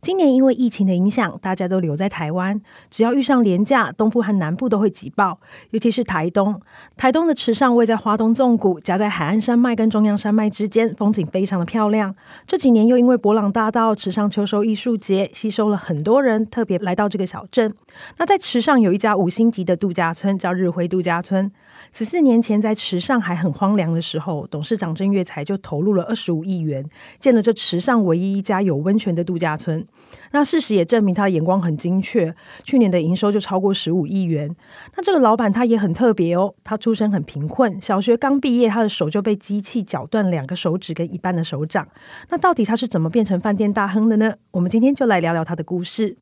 今年因為疫情的影響，大家都留在台灣。只要遇上連假，東部和南部都會擠爆，尤其是台東。台東的池上位在花東縱谷，夾在海岸山脈跟中央山脈之間，風景非常的漂亮。這幾年又因為伯朗大道、池上秋收藝術節，吸收了很多人特別來到這個小鎮。那在池上有一家五星級的度假村，叫日暉度假村。十四年前，在池上還很荒涼的時候，董事長鄭越才就投入了二十五億元，建了這池上唯一一家有溫泉的度假村。那事實也證明他的眼光很精確，去年的營收就超過十五億元。那這個老闆他也很特別哦，他出身很貧困，小學剛畢業，他的手就被機器絞斷兩個手指跟一半的手掌。那到底他是怎麼變成飯店大亨的呢？我們今天就來聊聊他的故事。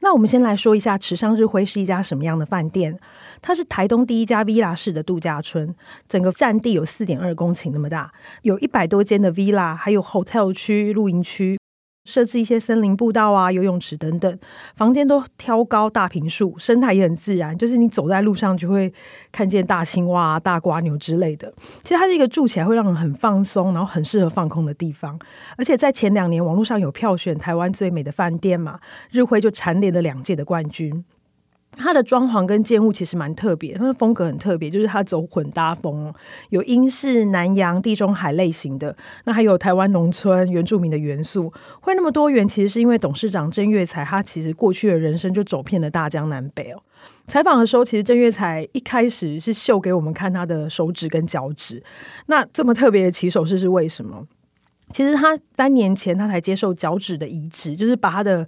那我們先來說一下池上日暉是一家什麼樣的飯店？它是台東第一家 villa 式的度假村，整個占地有四點二公頃那麼大，有一百多間的 villa，還有 hotel 區、露營區。設置一些森林步道啊、游泳池等等，房間都挑高、大坪數，生態也很自然。就是你走在路上就會看見大青蛙、啊、大蝸牛之類的。其實它是一個住起來會讓人很放鬆，然後很適合放空的地方。而且在前兩年網絡上有票選台灣最美的飯店嘛，日暉就蟬聯了兩屆的冠軍。他的裝潢跟建物，其實蠻特別，他的風格很特別，就是他走混搭風，有英式、南洋、地中海類型的，那還有台灣農村原住民的元素，會那麼多元，其實是因為董事長鄭越才，他其實過去的人生就走遍了大江南北哦。採訪的時候，其實鄭越才一開始是秀給我們看他的手指跟腳趾，那這麼特別的起手式是為什麼？其實他三年前他才接受腳趾的移植，就是把他的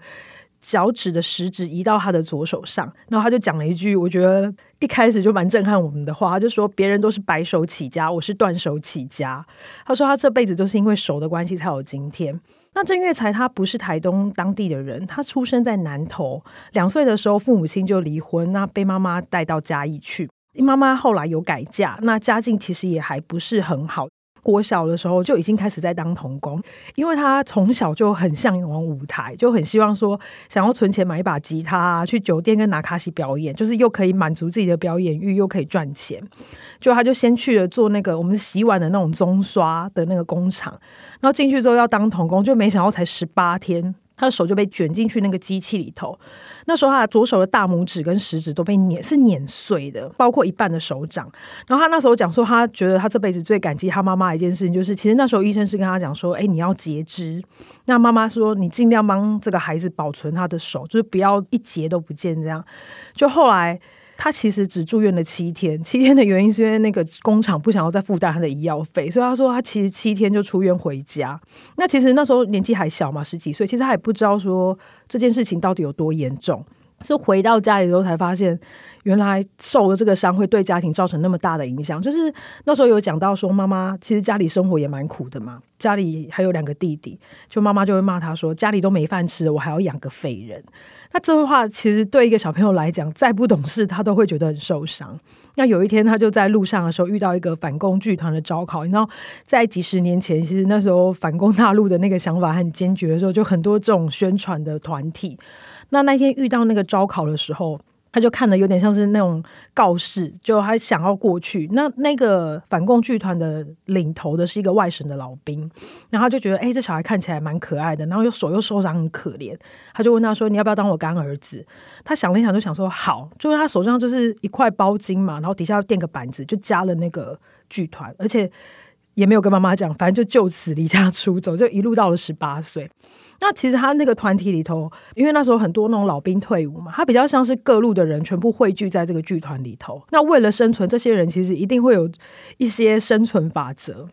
腳趾的食指移到他的左手上，然後他就講了一句，我覺得一開始就蠻震撼我們的話，他就說：“別人都是白手起家，我是斷手起家。”他說他這輩子都是因為手的關係才有今天。那鄭越才他不是台東當地的人，他出生在南投，兩歲的時候父母親就離婚，那被媽媽帶到嘉義去，媽媽後來有改嫁，那家境其實也還不是很好。國小的時候就已經開始在當童工，因為他從小就很向往舞台，就很希望說想要存錢買一把吉他啊，去酒店跟拿卡西表演，就是又可以滿足自己的表演欲，又可以賺錢。就他就先去了做那個我們洗碗的那種棕刷的那個工廠，然後進去之後要當童工，就沒想到才十八天。他的手就被捲進去那個機器裡頭，那時候他的左手的大拇指跟食指都被碾是碾碎的，包括一半的手掌。然後他那時候講說，他覺得他這輩子最感激他媽媽的一件事情，就是其實那時候醫生是跟他講說，哎、欸，你要截肢。那媽媽說，你盡量幫這個孩子保存他的手，就是不要一截都不見這樣。就後來。他其實只住院了七天，七天的原因是因為那個工廠不想要再負擔他的醫藥費，所以他說他其實七天就出院回家。那其實那時候年紀還小嘛，十幾歲，其實他也不知道說這件事情到底有多嚴重。是回到家裡之後才發現，原來受了這個傷會對家庭造成那麼大的影響。就是那時候有講到說，媽媽其實家裡生活也蠻苦的嘛，家裡還有兩個弟弟，就媽媽就會罵他說：“家裡都沒飯吃了，我還要養個廢人。”那這話其實對一個小朋友來講，再不懂事，他都會覺得很受傷。那有一天，他就在路上的時候遇到一個反共劇團的招考。你知道，在幾十年前，其實那時候反攻大陸的那個想法很堅決的時候，就很多這種宣傳的團體。那那天遇到那個招考的時候，他就看得有點像是那種告示，就還想要過去。那那個反共劇團的領頭的是一個外省的老兵，然後他就覺得，誒、欸，這小孩看起來蠻可愛的，然後又手又受傷很可憐，他就問他說：“你要不要當我乾兒子？”他想了一想，就想說：“好。”就是他手上就是一塊包巾嘛，然後底下墊個板子，就加了那個劇團，而且也沒有跟媽媽講，反正就就此離家出走，就一路到了十八歲。那其實他那個團體裡頭，因為那時候很多那種老兵退伍嘛，他比較像是各路的人全部匯聚在這個劇團裡頭。那為了生存，這些人其實一定會有一些生存法則。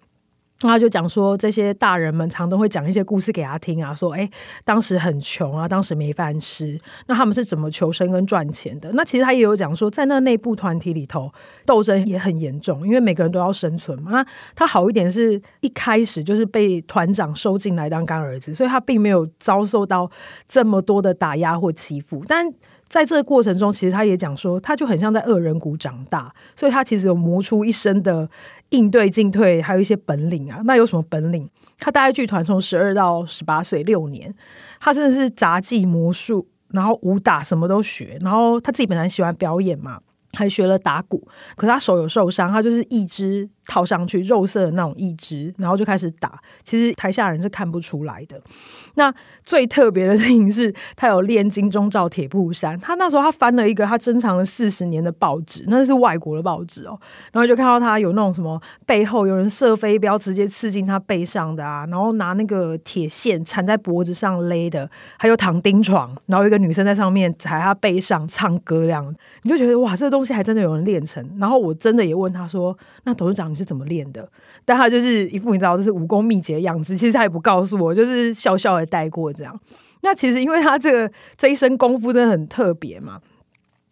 他就講說，這些大人們常都會講一些故事給他聽啊，說，誒、欸、當時很窮啊，當時沒飯吃，那他們是怎麼求生跟賺錢的？那其實他也有講說，在那內部團體裡頭，鬥爭也很嚴重，因為每個人都要生存嘛。那他好一點是一開始就是被團長收進來當乾兒子，所以他並沒有遭受到這麼多的打壓或欺負，但。在這個過程中，其實他也講說，他就很像在惡人谷長大，所以他其實有磨出一身的應對進退，還有一些本領啊。那有什麼本領？他大概劇團從十二到十八歲六年，他真的是雜技、魔術，然後武打什麼都學。然後他自己本來喜歡表演嘛，還學了打鼓。可是他手有受傷，他就是一隻套上去肉色的那種義肢，然後就開始打。其實台下人是看不出來的。那最特別的事情是，他有練金鐘罩鐵布衫。他那時候他翻了一個他珍藏了四十年的報紙，那是外國的報紙哦。然後就看到他有那種什麼背後有人射飛鏢直接刺進他背上的啊，然後拿那個鐵線纏在脖子上勒的，還有躺釘床，然後一個女生在上面踩他背上唱歌這樣。你就覺得哇，這東西還真的有人練成。然後我真的也問他說：“那董事長？”是怎麼練的？但他就是一副你知道，就是武功秘籍的樣子。其實他也不告訴我，就是笑笑的帶過這樣。那其實因為他這個這一身功夫真的很特別嘛。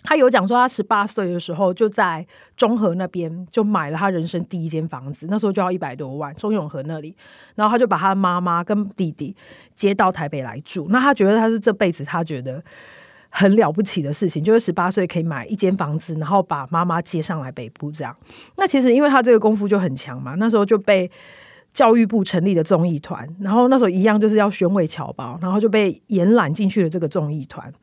他有講說，他十八歲的時候就在中和那邊就買了他人生第一間房子，那時候就要一百多萬。中永和那裡，然後他就把他媽媽跟弟弟接到台北來住。那他覺得他是這輩子，他覺得。很了不起的事情，就是十八歲可以買一間房子，然後把媽媽接上來北部這樣。那其實因為他這個功夫就很強嘛，那時候就被教育部成立的綜藝團，然後那時候一樣就是要宣慰僑胞，然後就被延攬進去了這個綜藝團。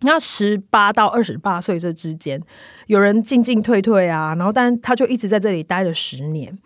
那十八到二十八歲這之間，有人進進退退啊，然後但他就一直在這裡待了十年。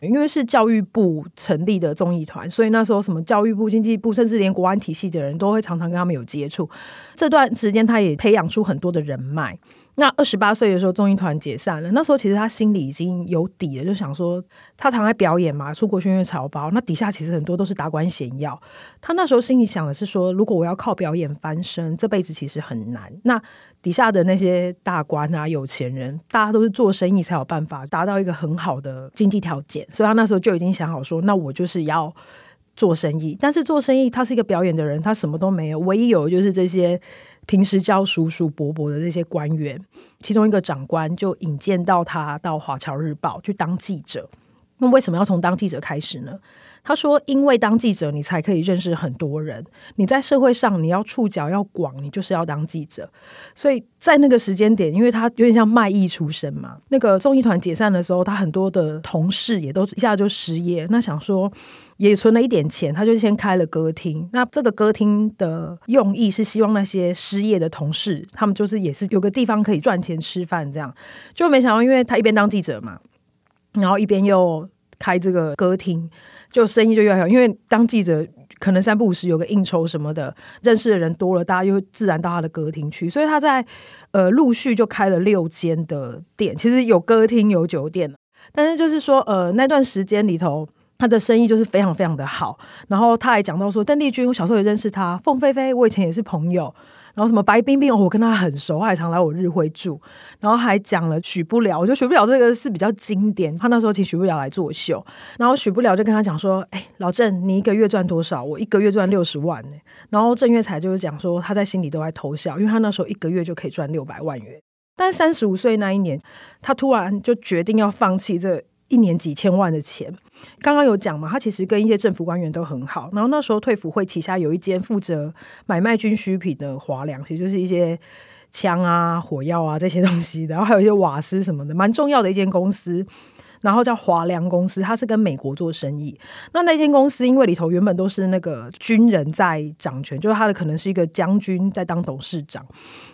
因為是教育部成立的綜藝團，所以那時候什麼教育部、經濟部，甚至連國安體系的人都會常常跟他們有接觸。這段時間，他也培養出很多的人脈。那二十八歲的時候，綜藝團解散了。那時候其實他心裡已經有底了，就想說他常在表演嘛，出國宣傳潮包。那底下其實很多都是達官顯要，他那時候心裡想的是說，如果我要靠表演翻身，這輩子其實很難。那底下的那些大官啊、有錢人，大家都是做生意才有辦法達到一個很好的經濟條件。所以他那時候就已經想好說，那我就是要做生意。但是做生意，他是一個表演的人，他什麼都沒有，唯一有就是這些。平時教叔叔伯伯的那些官員，其中一個長官就引薦到他到《華僑日報》去當記者。那為什麼要從當記者開始呢？他說：“因為當記者，你才可以認識很多人。你在社會上，你要觸角要廣，你就是要當記者。所以在那個時間點，因為他有點像賣藝出身嘛。那個綜藝團解散的時候，他很多的同事也都一下子就失業。那想說也存了一點錢，他就先開了歌廳。那這個歌廳的用意是希望那些失業的同事，他們就是也是有個地方可以賺錢吃飯，這樣就沒想到，因為他一邊當記者嘛，然後一邊又開這個歌廳。”就生意就越好，因為當記者可能三不五時有個應酬什麼的，認識的人多了，大家就會自然到他的歌廳去，所以他在呃陸續就開了六間的店，其實有歌廳有酒店，但是就是說呃那段時間裡頭他的生意就是非常非常的好，然後他還講到說鄧麗君，我小時候也認識他，鳳飛飛，我以前也是朋友。然後什麼白冰冰，我跟他很熟，他還常來我日暉住。然後還講了許不了，我覺得許不了這個是比較經典。他那時候請許不了來作秀，然後許不了就跟他講說：“哎，老鄭，你一個月賺多少？我一個月賺六十萬呢。”然後鄭越才就是講說他在心裡都在偷笑，因為他那時候一個月就可以賺六百萬元。但三十五歲那一年，他突然就決定要放棄這個。一年幾千萬的錢，剛剛有講嘛，他其實跟一些政府官員都很好。然後那時候退輔會旗下有一間負責買賣軍需品的華良，其實就是一些槍啊、火藥啊這些東西，然後還有一些瓦斯什麼的，蠻重要的一間公司，然後叫華良公司，他是跟美國做生意。那那間公司因為裡頭原本都是那個軍人在掌權，就是他的可能是一個將軍在當董事長，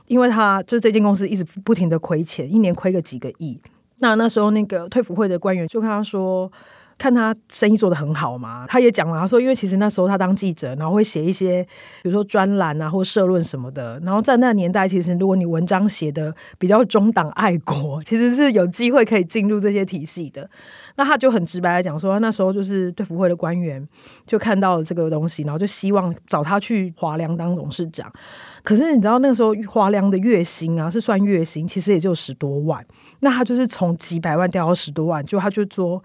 因為他就這間公司一直不停的虧錢，一年虧個幾個億。那那時候，那個退輔會的官員就跟他說，看他生意做得很好嘛，他也講了，他說因為其實那時候他當記者，然後會寫一些比如說專欄啊或社論什麼的，然後在那個年代，其實如果你文章寫的比較忠黨愛國，其實是有機會可以進入這些體系的。那他就很直白的講說，那時候就是對福會的官員就看到了這個東西，然後就希望找他去華良當董事長。可是你知道那時候華良的月薪啊是算月薪，其實也就十多萬，那他就是從幾百萬掉到十多萬，就他就做。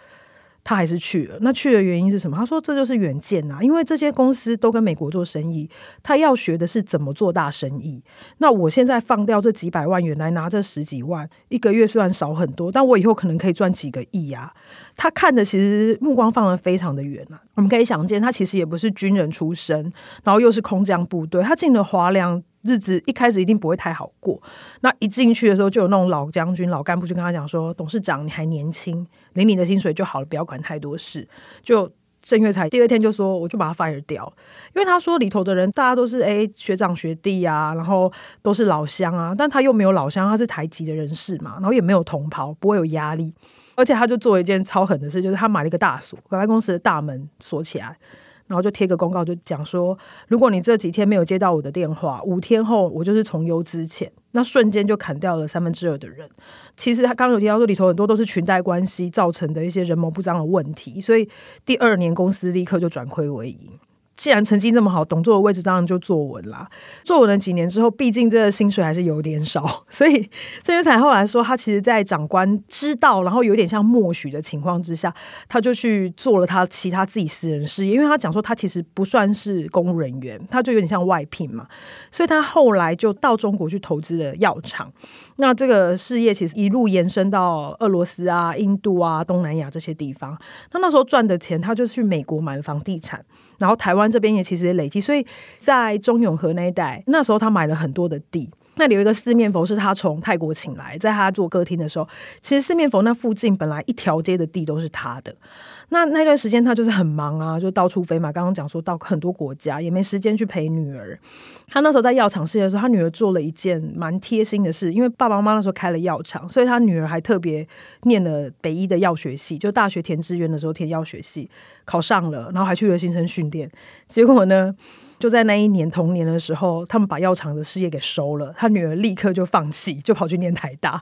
他還是去了。那去的原因是什麼？他說：“這就是遠見吶、啊，因為這些公司都跟美國做生意，他要學的是怎麼做大生意。那我現在放掉這幾百萬元來拿這十幾萬，一個月雖然少很多，但我以後可能可以賺幾個億呀、啊。”他看的其實目光放得非常的遠吶、啊。我們可以想見，他其實也不是軍人出身，然後又是空降部隊，他進了華良，日子一開始一定不會太好過。那一進去的時候，就有那種老將軍、老幹部就跟他講說：“董事長，你還年輕。”領你的薪水就好了，不要管太多事。就鄭越才第二天就說，我就把他 fire 掉，因為他說裡頭的人大家都是誒學長學弟啊，然後都是老鄉啊，但他又沒有老鄉，他是台籍的人士嘛，然後也沒有同袍，不會有壓力。而且他就做了一件超狠的事，就是他買了一個大鎖，把他公司的大門鎖起來。然後就貼個公告，就講說，如果你這幾天沒有接到我的電話，五天後我就是從優資遣，那瞬間就砍掉了三分之二的人。其實他剛剛有提到說，裡頭很多都是裙帶關係造成的一些人謀不臧的問題，所以第二年公司立刻就轉虧為盈。既然成績這麼好，董座的位置當然就坐穩啦。坐穩了幾年之後，畢竟這個薪水還是有點少，所以鄭越才後來說，他其實在長官知道，然後有點像默許的情況之下，他就去做了他其他自己私人事業。因為他講說，他其實不算是公務人員，他就有點像外聘嘛。所以他後來就到中國去投資了藥廠。那這個事業其實一路延伸到俄羅斯啊、印度啊、東南亞這些地方。他那，那時候賺的錢，他就去美國買了房地產。然後台灣這邊也其實也累積，所以在中永和那一帶，那時候他買了很多的地。那裡有一個四面佛是他從泰國請來，在他做歌廳的時候，其實四面佛那附近本來一條街的地都是他的。那那段時間他就是很忙啊，就到處飛嘛。剛剛講說到很多國家，也沒時間去陪女兒。他那時候在藥廠事業的時候，他女兒做了一件蠻貼心的事，因為爸爸媽媽那時候開了藥廠，所以他女兒還特別念了北醫的藥學系，就大學填志願的時候填藥學系，考上了，然後還去了新生訓練。結果呢？就在那一年同年的時候，他們把藥廠的事業給收了。他女兒立刻就放棄，就跑去念台大。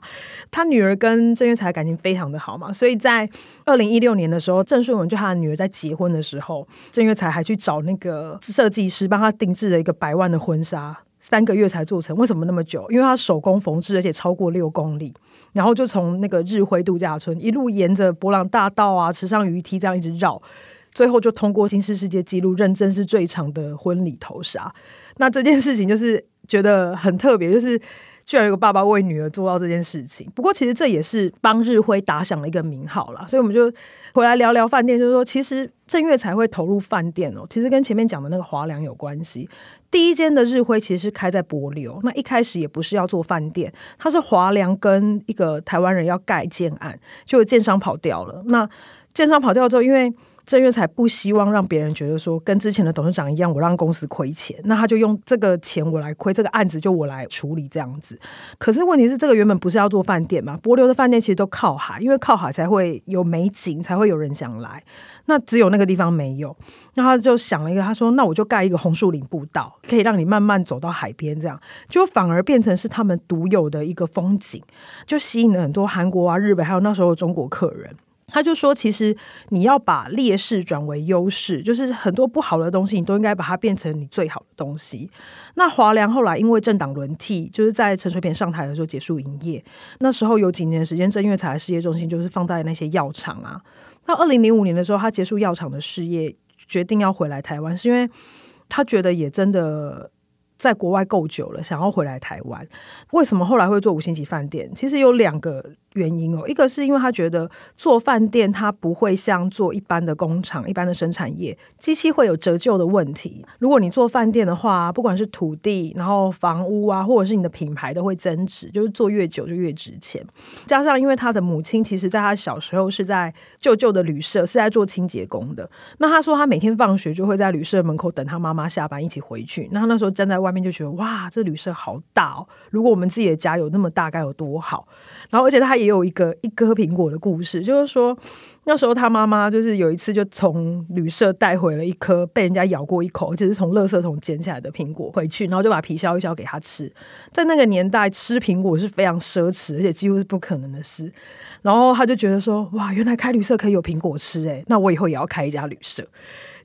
他女兒跟鄭越才感情非常的好嘛，所以在二零一六年的時候，鄭順文就他的女兒在結婚的時候，鄭越才還去找那個設計師幫她定制了一個百萬的婚紗，三個月才做成。為什麼那麼久？因為他手工縫制，而且超過六公里，然後就從那個日暉度假村一路沿着伯朗大道啊、池上魚梯這樣一直繞。最後就通過《金氏世界紀錄》，認證是最長的婚禮頭紗。那這件事情就是覺得很特別，就是居然有個爸爸為女兒做到這件事情。不過其實這也是幫日暉打響了一個名號啦。所以我們就回來聊聊飯店，就是說其實鄭越才會投入飯店哦、喔。其實跟前面講的那個華良有關係。第一間的日暉其實是開在帛琉，那一開始也不是要做飯店，它是華良跟一個台灣人要蓋建案，就有建商跑掉了。那建商跑掉之後，因為鄭越才不希望讓別人覺得說跟之前的董事長一樣，我讓公司虧錢，那他就用這個錢我來虧，這個案子就我來處理這樣子。可是問題是，這個原本不是要做飯店嘛？帛琉的飯店其實都靠海，因為靠海才會有美景，才會有人想來。那只有那個地方沒有，那他就想了一個，他說：“那我就蓋一個紅樹林步道，可以讓你慢慢走到海邊，這樣就反而變成是他們獨有的一個風景，就吸引了很多韓國啊、日本，還有那時候的中國客人。”他就說：“其實你要把劣勢轉為優勢，就是很多不好的東西，你都應該把它變成你最好的東西。”那華良後來因為政黨輪替，就是在陳水扁上台的時候結束營業。那時候有幾年的時間，鄭越才的事業中心就是放在那些藥廠啊。那二零零五年的時候，他結束藥廠的事業，決定要回來台灣，是因為他覺得也真的。在國外夠久了，想要回來台灣。為什麼後來會做五星級飯店？其實有兩個原因哦、喔。一個是因為他覺得做飯店，他不會像做一般的工廠、一般的生產業，機器會有折舊的問題。如果你做飯店的話，不管是土地、然後房屋啊，或者是你的品牌，都會增值，就是做越久就越值錢。加上因為他的母親，其實在他小時候是在舅舅的旅社是在做清潔工的。那他說他每天放學就會在旅社門口等他媽媽下班一起回去。那他那時候站在外。外面就覺得哇，這旅社好大哦！如果我們自己的家有那麼大，該有多好！然後，而且他也有一個一顆蘋果的故事，就是說那時候他媽媽就是有一次就從旅社帶回了一顆被人家咬過一口，而且是從垃圾桶撿起來的蘋果回去，然後就把皮削一削給他吃。在那個年代，吃蘋果是非常奢侈，而且幾乎是不可能的事。然後他就覺得說：“哇，原來開旅社可以有蘋果吃誒。那我以後也要開一家旅社。”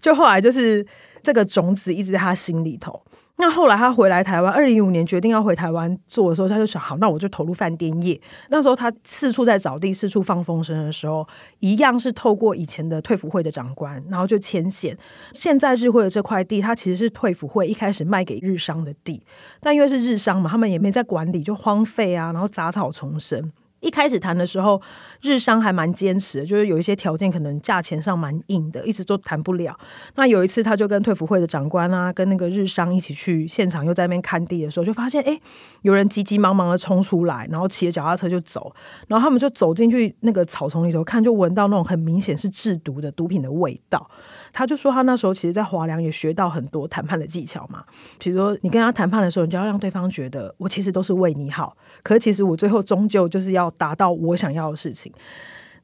就後來就是這個種子一直在他心裡頭。那後來他回來台灣，二零一五年決定要回台灣做的時候，他就想：好，那我就投入飯店業。那時候他四處在找地，四處放風聲的時候，一樣是透過以前的退輔會的長官，然後就牽線。現在日暉的這塊地，它其實是退輔會一開始賣給日商的地，但因為是日商嘛，他們也沒在管理，就荒廢啊，然後雜草叢生。一開始談的時候，日商還蠻堅持的，就是有一些條件可能價錢上蠻硬的，一直都談不了。那有一次，他就跟退輔會的長官啊，跟那個日商一起去現場，又在那邊看地的時候，就發現誒、欸、有人急急忙忙的衝出來，然後騎着腳踏車就走，然後他們就走進去那個草叢裡頭看，就聞到那種很明顯是製毒的毒品的味道。他就說，他那時候其實，在華良也學到很多談判的技巧嘛。比如說，你跟他談判的時候，你就要讓對方覺得，我其實都是為你好，可是其實我最後終究就是要達到我想要的事情。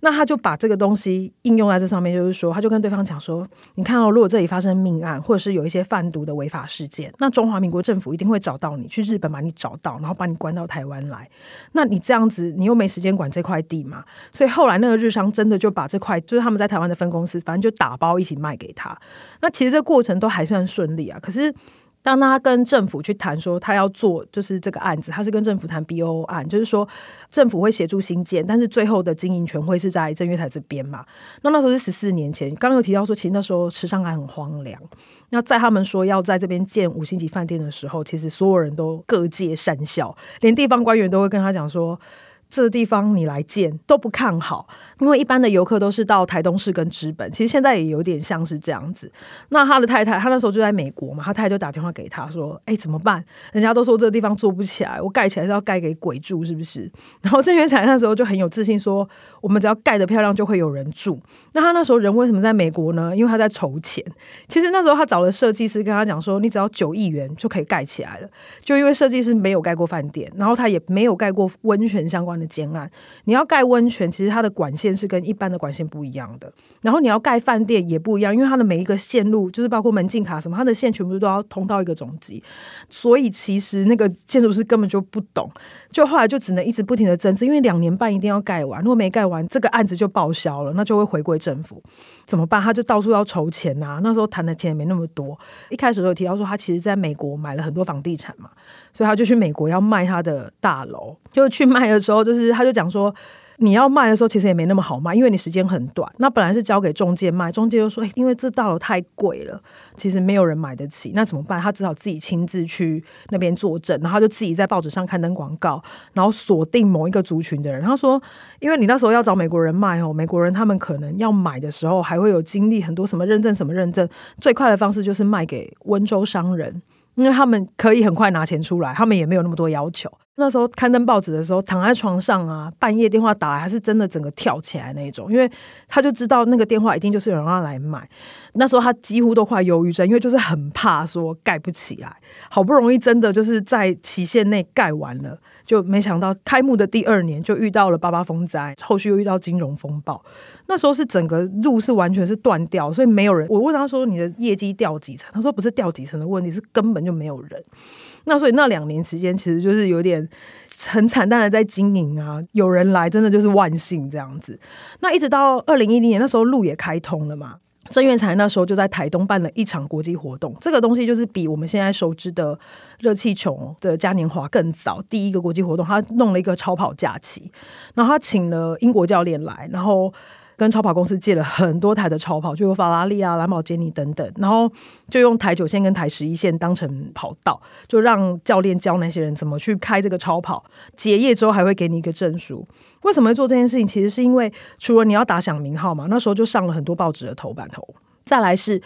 那他就把這個東西應用在這上面，就是說，他就跟對方講說：“你看到、哦，如果這裡發生命案，或者是有一些販毒的違法事件，那中華民國政府一定會找到你，去日本把你找到，然後把你關到台灣來。”那你這樣子，你又沒時間管這塊地嘛。所以後來那個日商真的就把這塊，就是他們在台灣的分公司，反正就打包一起賣給他。那其實這過程都還算順利啊，可是……當他跟政府去談說他要做，就是這個案子，他是跟政府談 BO 案，就是說政府會協助興建，但是最後的經營權會是在正月台這邊嘛。那那時候是十四年前，剛剛有提到說，其實那時候池上還很荒涼。那在他們說要在這邊建五星級飯店的時候，其實所有人都各界訕笑，連地方官員都會跟他講說。這個地方你來建都不看好，因為一般的遊客都是到台東市跟知本，其實現在也有點像是這樣子。那他的太太，他那時候就在美國嘛，他太太就打電話給他說：“哎、欸，怎麼辦？人家都說這個地方做不起來，我蓋起來是要蓋給鬼住是不是？”然後鄭越才那時候就很有自信說：“我們只要蓋得漂亮，就會有人住。”那他那時候人為什麼在美國呢？因為他在籌錢。其實那時候他找了設計師跟他講說：“你只要九億元就可以蓋起來了。”就因為設計師沒有蓋過飯店，然後他也沒有蓋過溫泉相關。的建案，你要蓋溫泉，其實它的管線是跟一般的管線不一樣的。然後你要蓋飯店也不一樣，因為它的每一個線路，就是包括門禁卡什麼，它的線全部都要通到一個總機，所以其實那個建築師根本就不懂。就後來就只能一直不停的增資，因為兩年半一定要蓋完，如果沒蓋完，這個案子就報銷了，那就會回歸政府，怎麼辦？他就到處要籌錢啊，那時候談的錢也沒那麼多。一開始有提到說，他其實在美國買了很多房地產嘛，所以他就去美國要賣他的大樓，就去賣的時候，就是他就講說。你要賣的時候，其實也沒那麼好賣，因為你時間很短。那本來是交給中介賣，中介又說，欸，因為這大樓太貴了，其實沒有人買得起。那怎麼辦？他只好自己親自去那邊坐鎮，然後就自己在報紙上刊登廣告，然後鎖定某一個族群的人。他說，因為你那時候要找美國人賣哦，美國人他們可能要買的時候，還會有經歷很多什麼認證，什麼認證。最快的方式就是賣給溫州商人，因為他們可以很快拿錢出來，他們也沒有那麼多要求。那時候刊登報紙的時候，躺在床上啊，半夜電話打來，還是真的整個跳起來那一種，因為他就知道那個電話一定就是有人要來買。那時候他幾乎都快憂鬱症，因為就是很怕說蓋不起來。好不容易真的就是在期限內蓋完了，就沒想到開幕的第二年就遇到了八八風災，後續又遇到金融風暴。那時候是整個路是完全是斷掉，所以沒有人。我問他說：“你的業績掉幾層？”他說：“不是掉幾層的問題，是根本就沒有人。”那所以那兩年時間其實就是有點很慘淡的在經營啊，有人來真的就是萬幸這樣子。那一直到二零一零年，那時候路也開通了嘛，鄭越才那時候就在台東辦了一場國際活動，這個東西就是比我們現在熟知的熱氣球的嘉年華更早第一個國際活動，他弄了一個超跑假期，然後他請了英國教練來，然後。跟超跑公司借了很多台的超跑，就有法拉利啊、藍寶堅尼等等，然後就用台九線跟台十一線當成跑道，就讓教練教那些人怎麼去開這個超跑。結業之後還會給你一個證書。為什麼做這件事情？其實是因為除了你要打響名號嘛，那時候就上了很多報紙的頭版頭。再來是。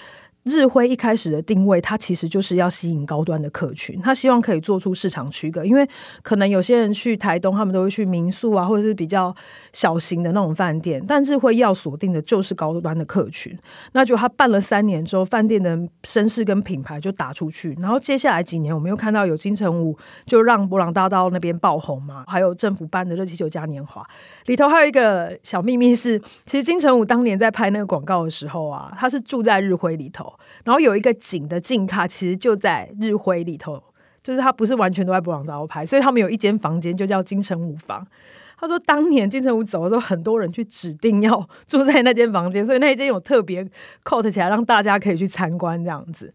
日暉一開始的定位，它其實就是要吸引高端的客群，他希望可以做出市場區隔。因為可能有些人去台東，他們都會去民宿啊，或者是比較小型的那種飯店。但日暉要鎖定的就是高端的客群，那就他辦了三年之後，飯店的聲勢跟品牌就打出去。然後接下來幾年，我們又看到有金城武就讓伯朗大道那邊爆紅嘛，還有政府辦的熱氣球嘉年華。裡頭還有一個小祕密是，其實金城武當年在拍那個廣告的時候啊，他是住在日暉裡頭。然後有一個景的景卡，其實就在日暉裡頭，就是它不是完全都在布朗的拍，所以他們有一間房間就叫金城武房。他說，當年金城武走的時候，很多人去指定要住在那間房間，所以那一間有特別扣起來，讓大家可以去參觀這樣子。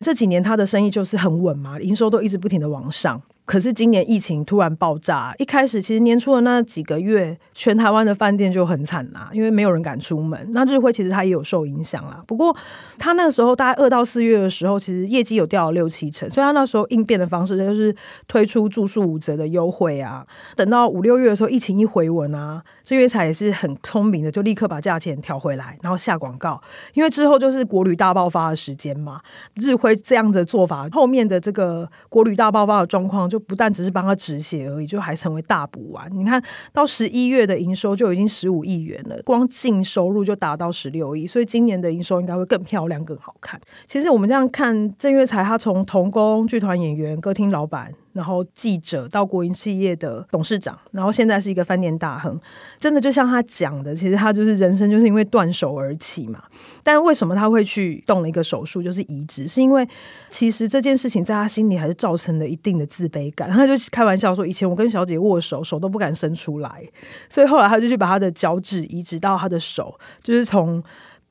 這幾年他的生意就是很穩嘛，營收都一直不停地往上。可是今年疫情突然爆炸，一開始其實年初的那幾個月，全台灣的飯店就很慘啦，啊，因為沒有人敢出門。那日暉其實他也有受影響啦，不過他那時候大概二到四月的時候，其實業績有掉了六七成。所以他那時候應變的方式就是推出住宿五折的優惠啊。等到五六月的時候，疫情一回穩啊，日暉也是很聰明的，就立刻把價錢調回來，然後下廣告，因為之後就是國旅大爆發的時間嘛。日暉這樣子的做法，後面的這個國旅大爆發的狀況。就不但只是幫他止血而已，就還成為大補丸。你看到十一月的營收就已經十五億元了，光淨收入就達到十六億，所以今年的營收應該會更漂亮、更好看。其實我們這樣看鄭越才，他從童工、劇團演員、歌廳老闆。然後記者到國營企業的董事長，然後現在是一個飯店大亨，真的就像他講的，其實他就是人生就是因為斷手而起嘛。但為什麼他會去動了一個手術，就是移植？是因為其實這件事情在他心裡還是造成了一定的自卑感。他就開玩笑說，以前我跟小姐握手，手都不敢伸出來，所以後來他就去把他的腳趾移植到他的手，就是從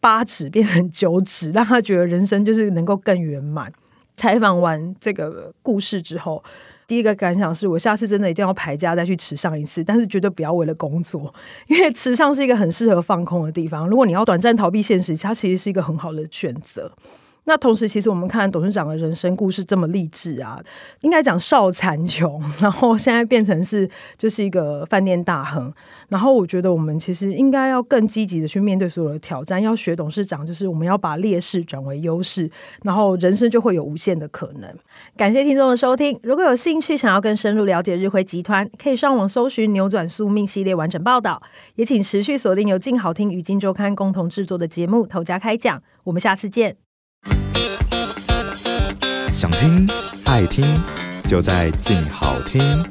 八指變成九指，讓他覺得人生就是能夠更圓滿。採訪完這個故事之後，第一個感想，是我下次真的一定要排假再去池上一次，但是絕對不要為了工作，因為池上是一個很適合放空的地方。如果你要短暫逃避現實，它其實是一個很好的選擇。那同時，其實我們看董事長的人生故事這麼勵志啊，應該講少殘窮，然後現在變成是就是一個飯店大亨。然後我覺得我們其實應該要更積極的去面對所有的挑戰，要學董事長，就是我們要把劣勢轉為優勢，然後人生就會有無限的可能。感謝聽眾的收聽，如果有興趣想要更深入了解日輝集團，可以上網搜尋《扭轉宿命》系列完整報道。也請持續鎖定由勁好聽與今周刊共同制作的節目《頭家開講》，我們下次見。想聽、愛聽，就在鏡好聽。